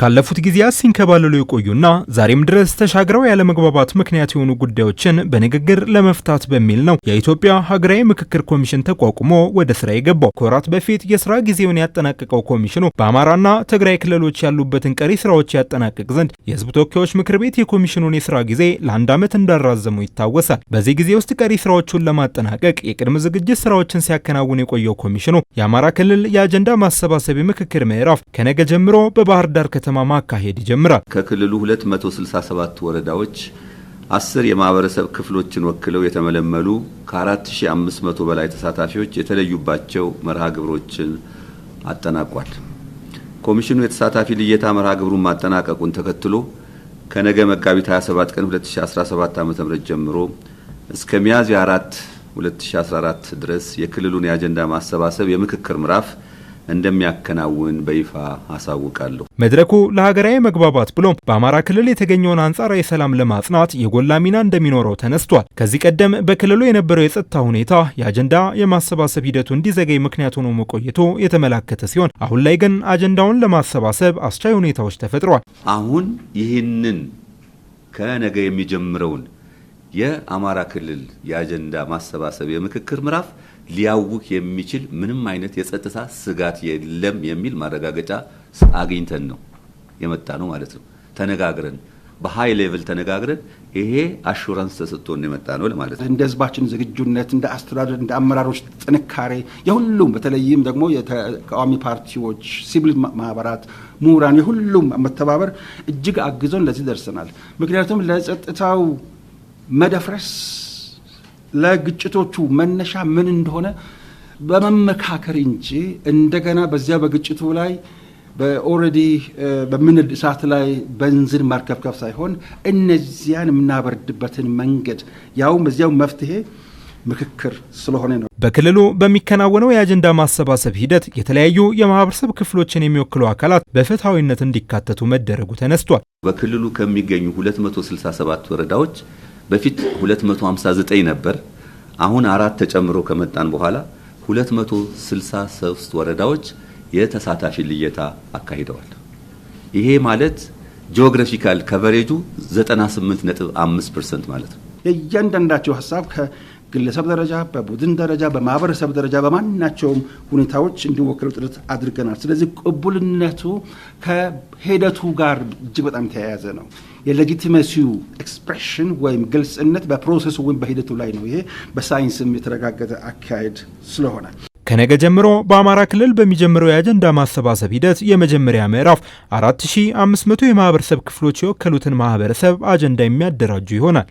ካለፉት ጊዜያት ሲንከባለሉ የቆዩና ዛሬም ድረስ ተሻግረው ያለመግባባት ምክንያት የሆኑ ጉዳዮችን በንግግር ለመፍታት በሚል ነው የኢትዮጵያ ሀገራዊ ምክክር ኮሚሽን ተቋቁሞ ወደ ስራ የገባው። ከወራት በፊት የስራ ጊዜውን ያጠናቀቀው ኮሚሽኑ በአማራና ትግራይ ክልሎች ያሉበትን ቀሪ ስራዎች ያጠናቅቅ ዘንድ የህዝብ ተወካዮች ምክር ቤት የኮሚሽኑን የስራ ጊዜ ለአንድ ዓመት እንዳራዘሙ ይታወሳል። በዚህ ጊዜ ውስጥ ቀሪ ስራዎቹን ለማጠናቀቅ የቅድመ ዝግጅት ስራዎችን ሲያከናውን የቆየው ኮሚሽኑ የአማራ ክልል የአጀንዳ ማሰባሰብ ምክክር ምዕራፍ ከነገ ጀምሮ በባህር ዳር ከተማ ከተማ ማካሄድ ይጀምራል። ከክልሉ 267 ወረዳዎች አስር የማህበረሰብ ክፍሎችን ወክለው የተመለመሉ ከ4500 በላይ ተሳታፊዎች የተለዩባቸው መርሃ ግብሮችን አጠናቋል። ኮሚሽኑ የተሳታፊ ልየታ መርሃ ግብሩን ማጠናቀቁን ተከትሎ ከነገ መጋቢት 27 ቀን 2017 ዓ.ም ጀምሮ እስከ ሚያዝያ 4 2014 ድረስ የክልሉን የአጀንዳ ማሰባሰብ የምክክር ምዕራፍ እንደሚያከናውን በይፋ አሳውቃለሁ። መድረኩ ለሀገራዊ መግባባት ብሎም በአማራ ክልል የተገኘውን አንጻራዊ ሰላም ለማጽናት የጎላ ሚና እንደሚኖረው ተነስቷል። ከዚህ ቀደም በክልሉ የነበረው የጸጥታ ሁኔታ የአጀንዳ የማሰባሰብ ሂደቱ እንዲዘገይ ምክንያት ሆኖ መቆየቱ የተመላከተ ሲሆን አሁን ላይ ግን አጀንዳውን ለማሰባሰብ አስቻይ ሁኔታዎች ተፈጥሯል። አሁን ይህንን ከነገ የሚጀምረውን የአማራ ክልል የአጀንዳ ማሰባሰብ የምክክር ምዕራፍ ሊያውክ የሚችል ምንም አይነት የጸጥታ ስጋት የለም የሚል ማረጋገጫ አግኝተን ነው የመጣ ነው ማለት ነው። ተነጋግረን በሀይ ሌቭል ተነጋግረን ይሄ አሹራንስ ተሰጥቶን የመጣ ነው ለማለት ነው። እንደ ህዝባችን ዝግጁነት፣ እንደ አስተዳደር፣ እንደ አመራሮች ጥንካሬ የሁሉም በተለይም ደግሞ የተቃዋሚ ፓርቲዎች፣ ሲቪል ማህበራት፣ ምሁራን የሁሉም መተባበር እጅግ አግዞን ለዚህ ደርሰናል። ምክንያቱም ለጸጥታው መደፍረስ ለግጭቶቹ መነሻ ምን እንደሆነ በመመካከር እንጂ እንደገና በዚያ በግጭቱ ላይ ኦልሬዲ በምንድ እሳት ላይ በንዝን ማርከፍከፍ ሳይሆን እነዚያን የምናበርድበትን መንገድ ያውም እዚያው መፍትሄ ምክክር ስለሆነ ነው። በክልሉ በሚከናወነው የአጀንዳ ማሰባሰብ ሂደት የተለያዩ የማህበረሰብ ክፍሎችን የሚወክሉ አካላት በፍትሐዊነት እንዲካተቱ መደረጉ ተነስቷል። በክልሉ ከሚገኙ 267 ወረዳዎች በፊት 259 ነበር። አሁን አራት ተጨምሮ ከመጣን በኋላ 263 ወረዳዎች የተሳታፊ ልየታ አካሂደዋል። ይሄ ማለት ጂኦግራፊካል ከቨሬጁ 98.5% ማለት ነው። የእያንዳንዳቸው ሀሳብ ግለሰብ ደረጃ፣ በቡድን ደረጃ፣ በማህበረሰብ ደረጃ በማናቸውም ሁኔታዎች እንዲወክሉ ጥረት አድርገናል። ስለዚህ ቅቡልነቱ ከሂደቱ ጋር እጅግ በጣም የተያያዘ ነው። የሌጂቲመሲው ኤክስፕሬሽን ወይም ግልጽነት በፕሮሰሱ ወይም በሂደቱ ላይ ነው። ይሄ በሳይንስም የተረጋገጠ አካሄድ ስለሆነ ከነገ ጀምሮ በአማራ ክልል በሚጀምረው የአጀንዳ ማሰባሰብ ሂደት የመጀመሪያ ምዕራፍ 4500 የማህበረሰብ ክፍሎች የወከሉትን ማህበረሰብ አጀንዳ የሚያደራጁ ይሆናል።